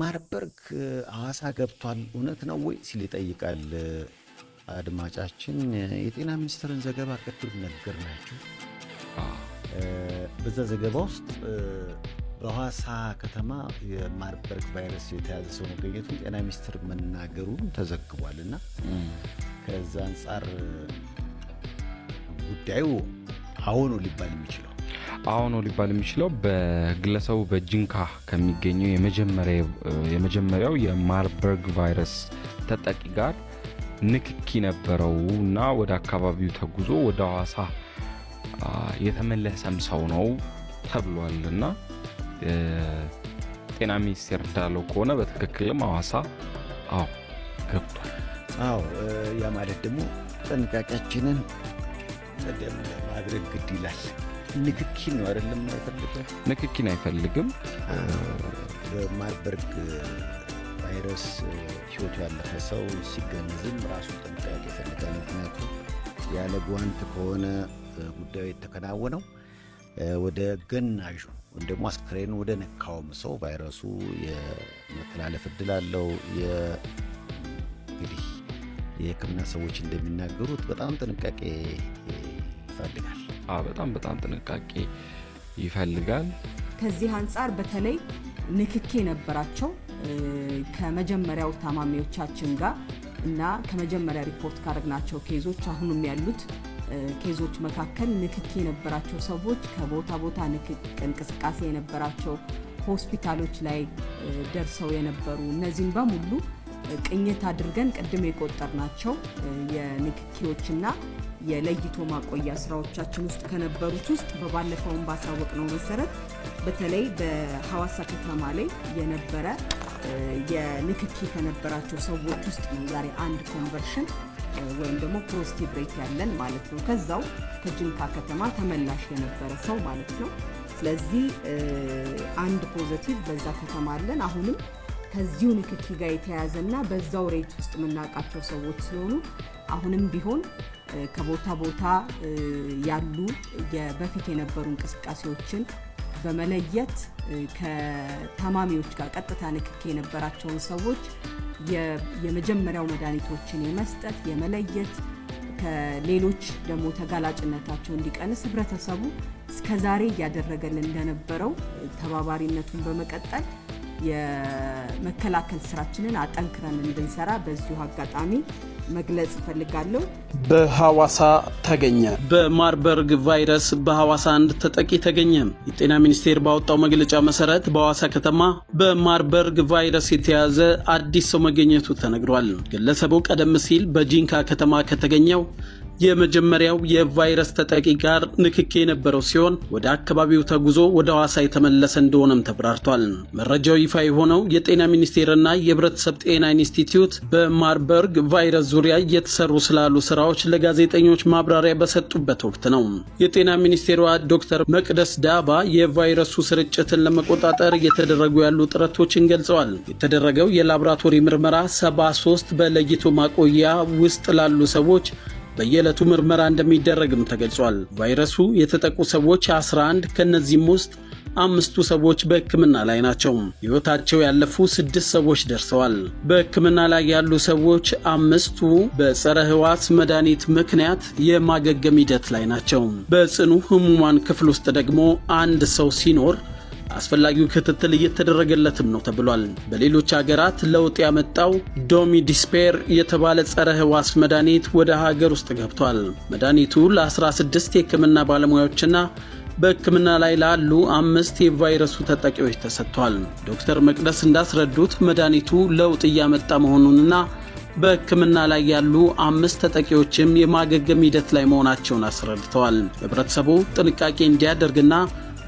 ማርበርግ ሐዋሳ ገብቷል እውነት ነው ወይ ሲል ይጠይቃል አድማጫችን። የጤና ሚኒስቴርን ዘገባ ቅድም ናቸው። በዛ ዘገባ ውስጥ በሐዋሳ ከተማ የማርበርግ ቫይረስ የተያዘ ሰው መገኘቱ ጤና ሚኒስቴር መናገሩን ተዘግቧል እና ከዛ አንጻር ጉዳዩ አሁኑ ሊባል የሚችለው አሁን ነው ሊባል የሚችለው በግለሰቡ በጅንካ ከሚገኘው የመጀመሪያው የማርበርግ ቫይረስ ተጠቂ ጋር ንክኪ ነበረው እና ወደ አካባቢው ተጉዞ ወደ ሐዋሳ የተመለሰም ሰው ነው ተብሏል እና ጤና ሚኒስቴር እንዳለው ከሆነ በትክክልም ሐዋሳ አዎ ገብቷል። አዎ ያ ማለት ደግሞ ጥንቃቄያችንን ማድረግ ግድ ይላል። ንክኪ ነው አይደለም አይፈልግም፣ ንክኪን አይፈልግም። በማርበርግ ቫይረስ ህይወቱ ያለፈ ሰው ሲገንዝም ራሱ ጥንቃቄ ይፈልጋል። ምክንያቱም ያለ ጓንት ከሆነ ጉዳዩ የተከናወነው ወደ ገናዡ ወይም ደግሞ አስክሬን ወደ ነካውም ሰው ቫይረሱ የመተላለፍ እድል አለው። እንግዲህ የህክምና ሰዎች እንደሚናገሩት በጣም ጥንቃቄ ይፈልጋል። በጣም በጣም ጥንቃቄ ይፈልጋል። ከዚህ አንጻር በተለይ ንክኪ ነበራቸው ከመጀመሪያው ታማሚዎቻችን ጋር እና ከመጀመሪያ ሪፖርት ካደረግናቸው ኬዞች አሁንም ያሉት ኬዞች መካከል ንክኪ የነበራቸው ሰዎች ከቦታ ቦታ እንቅስቃሴ የነበራቸው ሆስፒታሎች ላይ ደርሰው የነበሩ እነዚህም በሙሉ ቅኝት አድርገን ቅድም ናቸው የንክኪዎችና የለይቶ ማቆያ ስራዎቻችን ውስጥ ከነበሩት ውስጥ በባለፈውን ባሳወቅ ነው መሰረት በተለይ በሐዋሳ ከተማ ላይ የነበረ የንክኪ ከነበራቸው ሰዎች ውስጥ ነው ዛሬ አንድ ኮንቨርሽን ወይም ደግሞ ፖዚቲቭ ሬት ያለን ማለት ነው። ከዛው ከጅንካ ከተማ ተመላሽ የነበረ ሰው ማለት ነው። ስለዚህ አንድ ፖዘቲቭ በዛ ከተማ አለን። አሁንም ከዚሁ ንክኪ ጋር የተያያዘ እና በዛው ሬት ውስጥ የምናውቃቸው ሰዎች ሲሆኑ አሁንም ቢሆን ከቦታ ቦታ ያሉ በፊት የነበሩ እንቅስቃሴዎችን በመለየት ከታማሚዎች ጋር ቀጥታ ንክክ የነበራቸውን ሰዎች የመጀመሪያው መድኃኒቶችን የመስጠት የመለየት ከሌሎች ደግሞ ተጋላጭነታቸው እንዲቀንስ ህብረተሰቡ እስከዛሬ እያደረገን እያደረገልን እንደነበረው ተባባሪነቱን በመቀጠል የመከላከል ስራችንን አጠንክረን እንድንሰራ በዚሁ አጋጣሚ መግለጽ እፈልጋለሁ። በሐዋሳ ተገኘ። በማርበርግ ቫይረስ በሐዋሳ አንድ ተጠቂ ተገኘ። የጤና ሚኒስቴር ባወጣው መግለጫ መሰረት በሐዋሳ ከተማ በማርበርግ ቫይረስ የተያዘ አዲስ ሰው መገኘቱ ተነግሯል። ግለሰቡ ቀደም ሲል በጂንካ ከተማ ከተገኘው የመጀመሪያው የቫይረስ ተጠቂ ጋር ንክኬ የነበረው ሲሆን ወደ አካባቢው ተጉዞ ወደ ሐዋሳ የተመለሰ እንደሆነም ተብራርቷል። መረጃው ይፋ የሆነው የጤና ሚኒስቴርና የህብረተሰብ ጤና ኢንስቲትዩት በማርበርግ ቫይረስ ዙሪያ እየተሰሩ ስላሉ ስራዎች ለጋዜጠኞች ማብራሪያ በሰጡበት ወቅት ነው። የጤና ሚኒስቴሯ ዶክተር መቅደስ ዳባ የቫይረሱ ስርጭትን ለመቆጣጠር እየተደረጉ ያሉ ጥረቶችን ገልጸዋል። የተደረገው የላቦራቶሪ ምርመራ 73 በለይቶ ማቆያ ውስጥ ላሉ ሰዎች በየዕለቱ ምርመራ እንደሚደረግም ተገልጿል። ቫይረሱ የተጠቁ ሰዎች 11 ከእነዚህም ውስጥ አምስቱ ሰዎች በሕክምና ላይ ናቸው። ሕይወታቸው ያለፉ ስድስት ሰዎች ደርሰዋል። በሕክምና ላይ ያሉ ሰዎች አምስቱ በጸረ ህዋት መድኃኒት ምክንያት የማገገም ሂደት ላይ ናቸው። በጽኑ ህሙማን ክፍል ውስጥ ደግሞ አንድ ሰው ሲኖር አስፈላጊው ክትትል እየተደረገለትም ነው ተብሏል። በሌሎች ሀገራት ለውጥ ያመጣው ዶሚ ዲስፔር የተባለ ጸረ ህዋስ መድኃኒት ወደ ሀገር ውስጥ ገብቷል። መድኃኒቱ ለ16 የህክምና ባለሙያዎችና በህክምና ላይ ላሉ አምስት የቫይረሱ ተጠቂዎች ተሰጥቷል። ዶክተር መቅደስ እንዳስረዱት መድኃኒቱ ለውጥ እያመጣ መሆኑንና በህክምና ላይ ያሉ አምስት ተጠቂዎችም የማገገም ሂደት ላይ መሆናቸውን አስረድተዋል። ህብረተሰቡ ጥንቃቄ እንዲያደርግና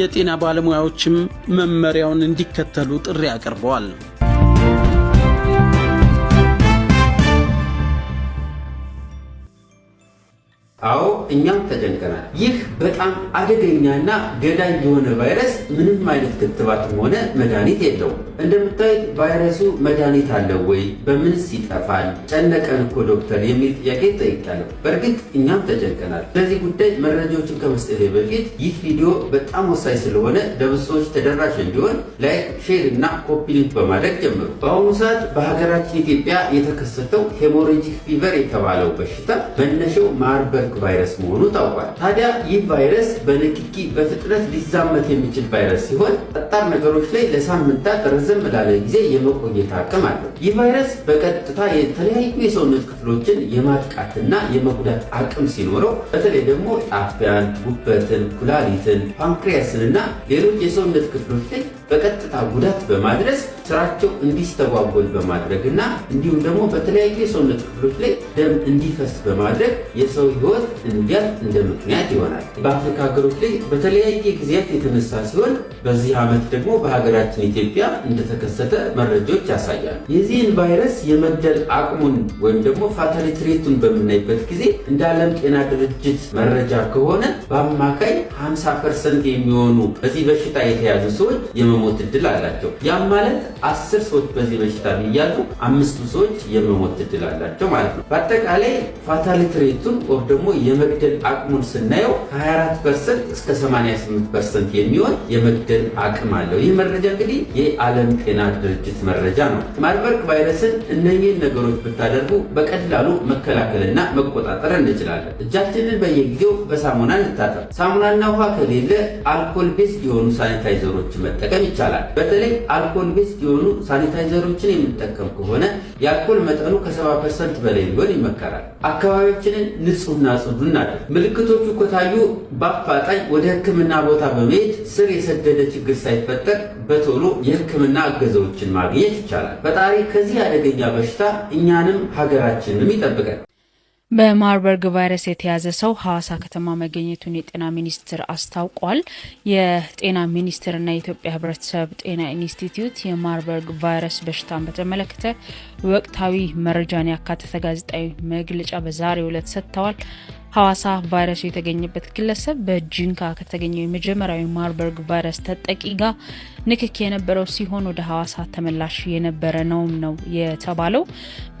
የጤና ባለሙያዎችም መመሪያውን እንዲከተሉ ጥሪ አቅርበዋል። አዎ እኛም ተጨንቀናል። ይህ በጣም አደገኛና ገዳይ የሆነ ቫይረስ ምንም አይነት ክትባትም ሆነ መድኃኒት የለውም። እንደምታዩት ቫይረሱ መድኃኒት አለው ወይ? በምንስ ይጠፋል? ጨነቀን እኮ ዶክተር የሚል ጥያቄ ጠይቃለሁ። በእርግጥ እኛም ተጨንቀናል። ስለዚህ ጉዳይ መረጃዎችን ከመስጠቴ በፊት ይህ ቪዲዮ በጣም ወሳኝ ስለሆነ ለብዙ ሰዎች ተደራሽ እንዲሆን ላይክ፣ ሼር እና ኮፒ ሊንክ በማድረግ ጀምሩ። በአሁኑ ሰዓት በሀገራችን ኢትዮጵያ የተከሰተው ሄሞሬጂክ ፊቨር የተባለው በሽታ መነሻው ማርበርግ ቫይረስ ቫይረስ መሆኑ ታውቋል። ታዲያ ይህ ቫይረስ በንክኪ በፍጥነት ሊዛመት የሚችል ቫይረስ ሲሆን ጠጣር ነገሮች ላይ ለሳምንታት ረዘም ላለ ጊዜ የመቆየት አቅም አለው። ይህ ቫይረስ በቀጥታ የተለያዩ የሰውነት ክፍሎችን የማጥቃትና የመጉዳት አቅም ሲኖረው በተለይ ደግሞ ጣፊያን፣ ጉበትን፣ ኩላሊትን፣ ፓንክሪያስን እና ሌሎች የሰውነት ክፍሎች ላይ በቀጥታ ጉዳት በማድረስ ስራቸው እንዲስተጓጎል በማድረግ እና እንዲሁም ደግሞ በተለያዩ የሰውነት ክፍሎች ላይ ደም እንዲፈስ በማድረግ የሰው ህይወት እንዲያልፍ እንደ ምክንያት ይሆናል። በአፍሪካ ሀገሮች ላይ በተለያየ ጊዜያት የተነሳ ሲሆን በዚህ ዓመት ደግሞ በሀገራችን ኢትዮጵያ እንደተከሰተ መረጃዎች ያሳያል። የዚህን ቫይረስ የመግደል አቅሙን ወይም ደግሞ ፋታሊቲ ሬቱን በምናይበት ጊዜ እንደ ዓለም ጤና ድርጅት መረጃ ከሆነ በአማካይ 50 ፐርሰንት የሚሆኑ በዚህ በሽታ የተያዙ ሰዎች የመሞት እድል አላቸው። ያም ማለት አስር ሰዎች በዚህ በሽታ ቢያዙ አምስቱ ሰዎች የመሞት እድል አላቸው ማለት ነው። በአጠቃላይ ፋታሊቲ ሬቱን ወይም ደግሞ የመግደል አቅሙን ስናየው ከ24 ፐርሰንት እስከ 88 ፐርሰንት የሚሆን የመግደል አቅም አለው። ይህ መረጃ እንግዲህ የዓለም ጤና ድርጅት መረጃ ነው። ማርበርግ ቫይረስን እነኚህን ነገሮች ብታደርጉ በቀላሉ መከላከልና መቆጣጠር እንችላለን። እጃችንን በየጊዜው በሳሙና እንታጠብ። ሳሙናና ውሃ ከሌለ አልኮል ቤዝ የሆኑ ሳኒታይዘሮች መጠቀም ይቻላል። በተለይ አልኮል ቤስድ የሆኑ ሳኒታይዘሮችን የምንጠቀም ከሆነ የአልኮል መጠኑ ከ70 ፐርሰንት በላይ ሊሆን ይመከራል። አካባቢዎችንን ንጹህና ጽዱ እናድርግ። ምልክቶቹ ከታዩ በአፋጣኝ ወደ ሕክምና ቦታ በመሄድ ስር የሰደደ ችግር ሳይፈጠር በቶሎ የሕክምና እገዛዎችን ማግኘት ይቻላል። ፈጣሪ ከዚህ አደገኛ በሽታ እኛንም ሀገራችንም ይጠብቃል። በማርበርግ ቫይረስ የተያዘ ሰው ሀዋሳ ከተማ መገኘቱን የጤና ሚኒስቴር አስታውቋል። የጤና ሚኒስቴርና የኢትዮጵያ ሕብረተሰብ ጤና ኢንስቲትዩት የማርበርግ ቫይረስ በሽታን በተመለከተ ወቅታዊ መረጃን ያካተተ ጋዜጣዊ መግለጫ በዛሬው ዕለት ሰጥተዋል። ሐዋሳ ቫይረሱ የተገኘበት ግለሰብ በጂንካ ከተገኘው የመጀመሪያዊ ማርበርግ ቫይረስ ተጠቂ ጋር ንክክ የነበረው ሲሆን ወደ ሐዋሳ ተመላሽ የነበረ ነውም ነው የተባለው።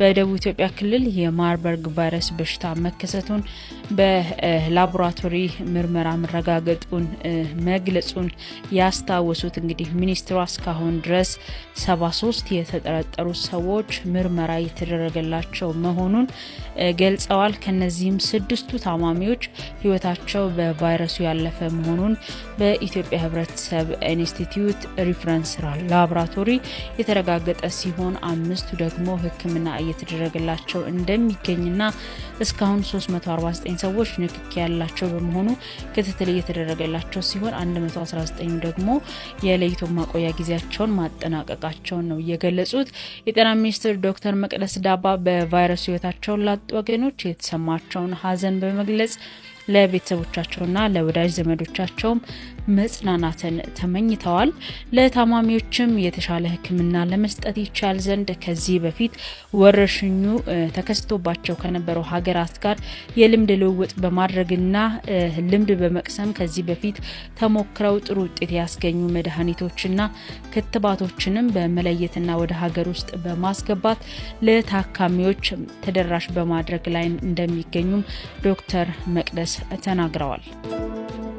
በደቡብ ኢትዮጵያ ክልል የማርበርግ ቫይረስ በሽታ መከሰቱን በላቦራቶሪ ምርመራ መረጋገጡን መግለጹን ያስታወሱት እንግዲህ ሚኒስትሯ እስካሁን ድረስ 73 የተጠረጠሩ ሰዎች ምርመራ የተደረገላቸው መሆኑን ገልጸዋል። ከነዚህም ስድስቱ ታማሚዎች ህይወታቸው በቫይረሱ ያለፈ መሆኑን በኢትዮጵያ ህብረተሰብ ኢንስቲትዩት ሪፍረንስ ላብራቶሪ የተረጋገጠ ሲሆን አምስቱ ደግሞ ህክምና እየተደረገላቸው እንደሚገኝና እስካሁን 349 ሰዎች ንክኪ ያላቸው በመሆኑ ክትትል እየተደረገላቸው ሲሆን 119 ደግሞ የለይቶ ማቆያ ጊዜያቸውን ማጠናቀቃቸውን ነው የገለጹት። የጤና ሚኒስትር ዶክተር መቅደስ ዳባ በቫይረሱ ህይወታቸውን ላጡ ወገኖች የተሰማቸውን ሀዘን በመግለጽ ለቤተሰቦቻቸውና ለወዳጅ ዘመዶቻቸውም መጽናናትን ተመኝተዋል። ለታማሚዎችም የተሻለ ሕክምና ለመስጠት ይቻል ዘንድ ከዚህ በፊት ወረርሽኙ ተከስቶባቸው ከነበረው ሀገራት ጋር የልምድ ልውውጥ በማድረግና ልምድ በመቅሰም ከዚህ በፊት ተሞክረው ጥሩ ውጤት ያስገኙ መድኃኒቶችና ክትባቶችንም በመለየትና ወደ ሀገር ውስጥ በማስገባት ለታካሚዎች ተደራሽ በማድረግ ላይ እንደሚገኙም ዶክተር መቅደስ ተናግረዋል።